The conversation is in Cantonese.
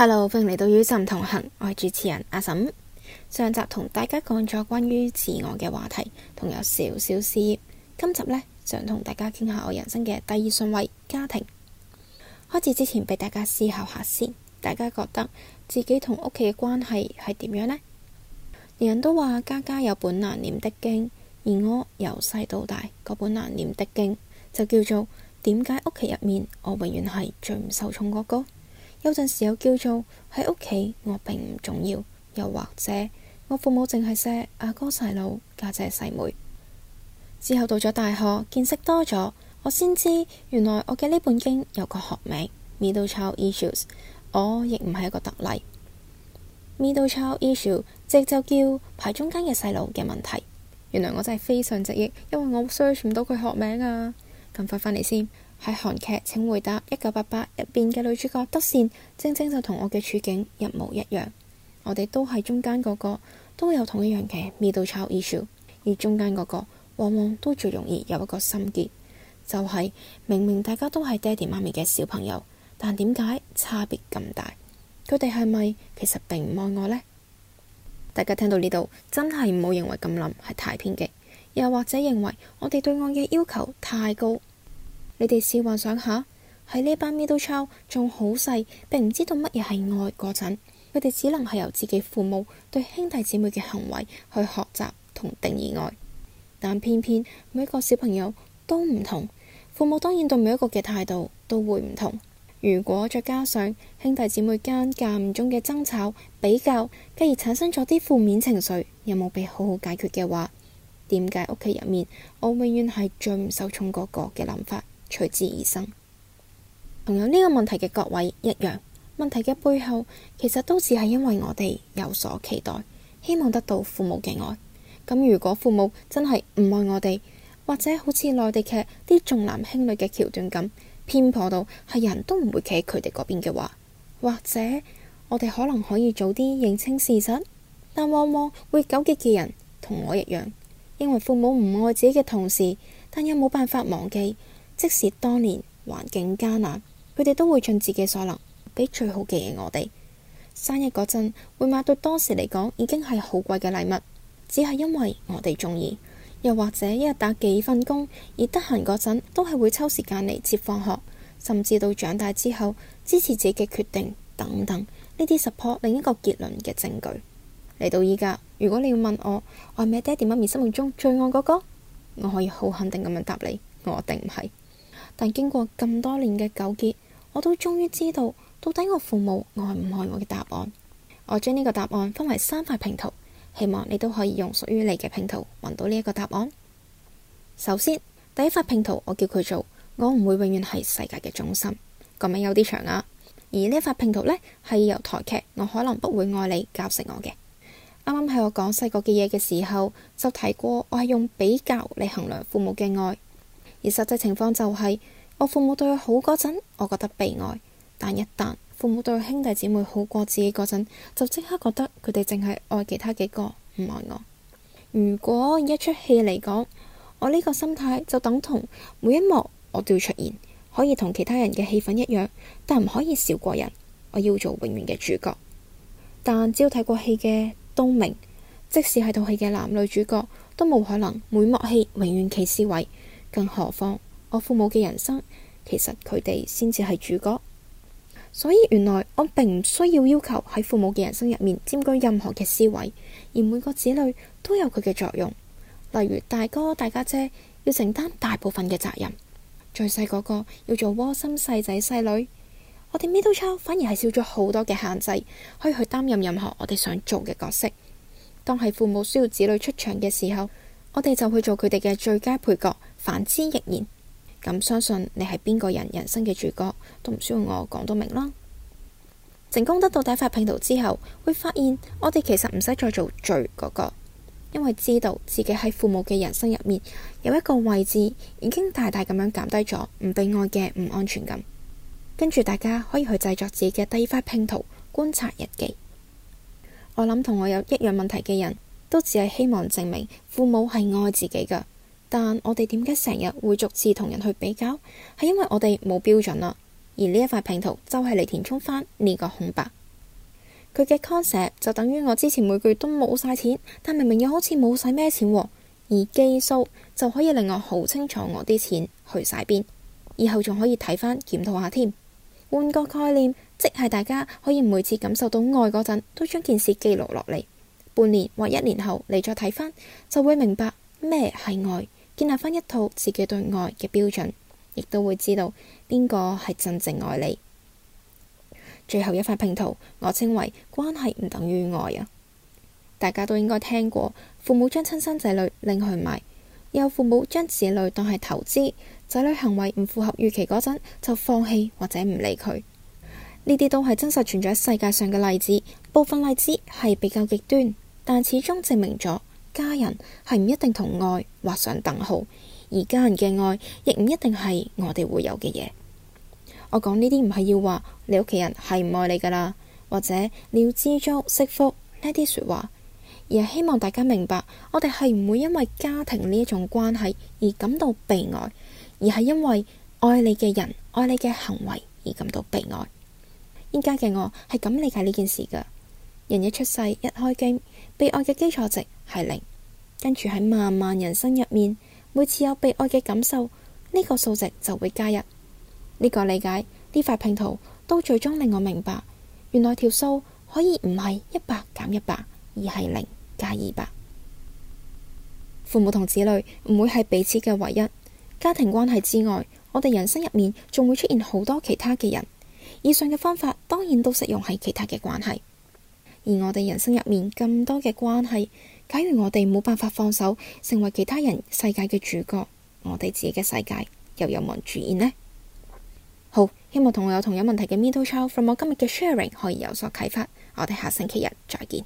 hello，歡迎嚟到《與岑同行》，我係主持人阿岑。上集同大家講咗關於自我嘅話題，同有少少事業。今集呢，想同大家傾下我人生嘅第二順位家庭。開始之前，畀大家思考下先，大家覺得自己同屋企嘅關係係點樣呢？人人都話家家有本難念的經，而我由細到大嗰本難念的經就叫做點解屋企入面我永遠係最唔受寵嗰個？有陣時又叫做喺屋企，我並唔重要；又或者我父母淨係錫阿哥細佬、家姐細妹。之後到咗大學，見識多咗，我先知原來我嘅呢本經有個學名 Middle Child Issues，我亦唔係一個特例。Middle Child Issue 直就叫排中間嘅細路嘅問題。原來我真係非常直譯，因為我 search 唔到佢學名啊！咁快翻嚟先。係韓劇，請回答一九八八入邊嘅女主角德善，晶晶就同我嘅處境一模一樣。我哋都係中間嗰、那個，都有同一樣嘅味道，炒 issue。而中間嗰、那個往往都最容易有一個心結，就係、是、明明大家都係爹哋媽咪嘅小朋友，但點解差別咁大？佢哋係咪其實並唔愛我呢？大家聽到呢度，真係唔好認為咁諗係太偏激，又或者認為我哋對愛嘅要求太高。你哋試幻想下，喺呢班 middle child 仲好細，並唔知道乜嘢係愛嗰陣，佢哋只能係由自己父母對兄弟姊妹嘅行為去學習同定義愛。但偏偏每一個小朋友都唔同，父母當然對每一個嘅態度都會唔同。如果再加上兄弟姊妹間間唔中嘅爭吵、比較，繼而產生咗啲負面情緒，又冇被好好解決嘅話，點解屋企入面我永遠係最唔受寵嗰個嘅諗法，隨之而生，同有呢個問題嘅各位一樣，問題嘅背後其實都只係因為我哋有所期待，希望得到父母嘅愛。咁如果父母真係唔愛我哋，或者好似內地劇啲重男輕女嘅橋段咁偏頗到係人都唔會企喺佢哋嗰邊嘅話，或者我哋可能可以早啲認清事實，但往往會糾結嘅人同我一樣，認為父母唔愛自己嘅同時，但又冇辦法忘記。即使當年環境艱難，佢哋都會盡自己所能，俾最好嘅嘢。我哋生日嗰陣會買到當時嚟講已經係好貴嘅禮物，只係因為我哋鍾意，又或者一日打幾份工，而得閒嗰陣都係會抽時間嚟接放學，甚至到長大之後支持自己嘅決定等等，呢啲 support 另一個結論嘅證據。嚟到依家，如果你要問我係咪爹哋媽咪心目中最愛嗰個，我可以好肯定咁樣答你，我定唔係。但經過咁多年嘅糾結，我都終於知道到底我父母愛唔愛我嘅答案。我將呢個答案分為三塊拼圖，希望你都可以用屬於你嘅拼圖揾到呢一個答案。首先，第一塊拼圖我叫佢做我唔會永遠係世界嘅中心，個名有啲長呀。而呢一塊拼圖呢，係由台劇《我可能不會愛你》教識我嘅。啱啱喺我講細個嘅嘢嘅時候，時候就提過，我係用比較嚟衡量父母嘅愛。而實際情況就係、是，我父母對我好嗰陣，我覺得被愛；但一旦父母對兄弟姊妹好過自己嗰陣，就即刻覺得佢哋淨係愛其他幾個，唔愛我。如果以一出戲嚟講，我呢個心態就等同每一幕我都要出現，可以同其他人嘅戲份一樣，但唔可以少過人。我要做永遠嘅主角。但只要睇過戲嘅都明，即使係套戲嘅男女主角，都冇可能每幕戲永遠企 C 位。更何況我父母嘅人生，其實佢哋先至係主角。所以原來我並唔需要要求喺父母嘅人生入面佔據任何嘅思維，而每個子女都有佢嘅作用。例如大哥、大家姐、姐要承擔大部分嘅責任，最細嗰個要做窩心細仔細女。我哋 middle child 反而係少咗好多嘅限制，可以去擔任任何我哋想做嘅角色。當係父母需要子女出場嘅時候，我哋就去做佢哋嘅最佳配角。反之亦然，咁相信你係邊個人，人生嘅主角都唔需要我講都明啦。成功得到第一塊拼圖之後，會發現我哋其實唔使再做罪嗰個，因為知道自己喺父母嘅人生入面有一個位置，已經大大咁樣減低咗唔被愛嘅唔安全感。跟住大家可以去製作自己嘅第二塊拼圖觀察日記。我諗同我有一樣問題嘅人都只係希望證明父母係愛自己噶。但我哋點解成日會逐次同人去比較，係因為我哋冇標準啦。而呢一塊拼圖就係嚟填充翻呢個空白。佢嘅 concept 就等於我之前每個月都冇晒錢，但明明又好似冇晒咩錢喎。而計數就可以令我好清楚我啲錢去晒邊，以後仲可以睇翻檢討下添。換個概念，即係大家可以每次感受到愛嗰陣，都將件事記錄落嚟。半年或一年後，你再睇翻，就會明白咩係愛。建立翻一套自己對愛嘅標準，亦都會知道邊個係真正愛你。最後一塊拼圖，我稱為關係唔等於愛啊！大家都應該聽過，父母將親生仔女拎去賣，又父母將子女當係投資，仔女行為唔符合預期嗰陣就放棄或者唔理佢。呢啲都係真實存在世界上嘅例子，部分例子係比較極端，但始終證明咗。家人係唔一定同愛劃上等號，而家人嘅愛亦唔一定係我哋會有嘅嘢。我講呢啲唔係要話你屋企人係唔愛你噶啦，或者你要知足惜福呢啲說話，而係希望大家明白，我哋係唔會因為家庭呢一種關係而感到被愛，而係因為愛你嘅人愛你嘅行為而感到被愛。依家嘅我係咁理解呢件事噶。人一出世一開 game，被愛嘅基礎值係零。跟住喺漫漫人生入面，每次有被愛嘅感受，呢個數值就會加一。呢個理解，呢塊拼圖都最終令我明白，原來條數可以唔係一百減一百，100，而係零加二百。父母同子女唔會係彼此嘅唯一，家庭關係之外，我哋人生入面仲會出現好多其他嘅人。以上嘅方法當然都適用喺其他嘅關係，而我哋人生入面咁多嘅關係。假如我哋冇辦法放手，成為其他人世界嘅主角，我哋自己嘅世界又有冇人主演呢？好，希望同我有同樣問題嘅 middle child，from 我今日嘅 sharing 可以有所啟發。我哋下星期日再見。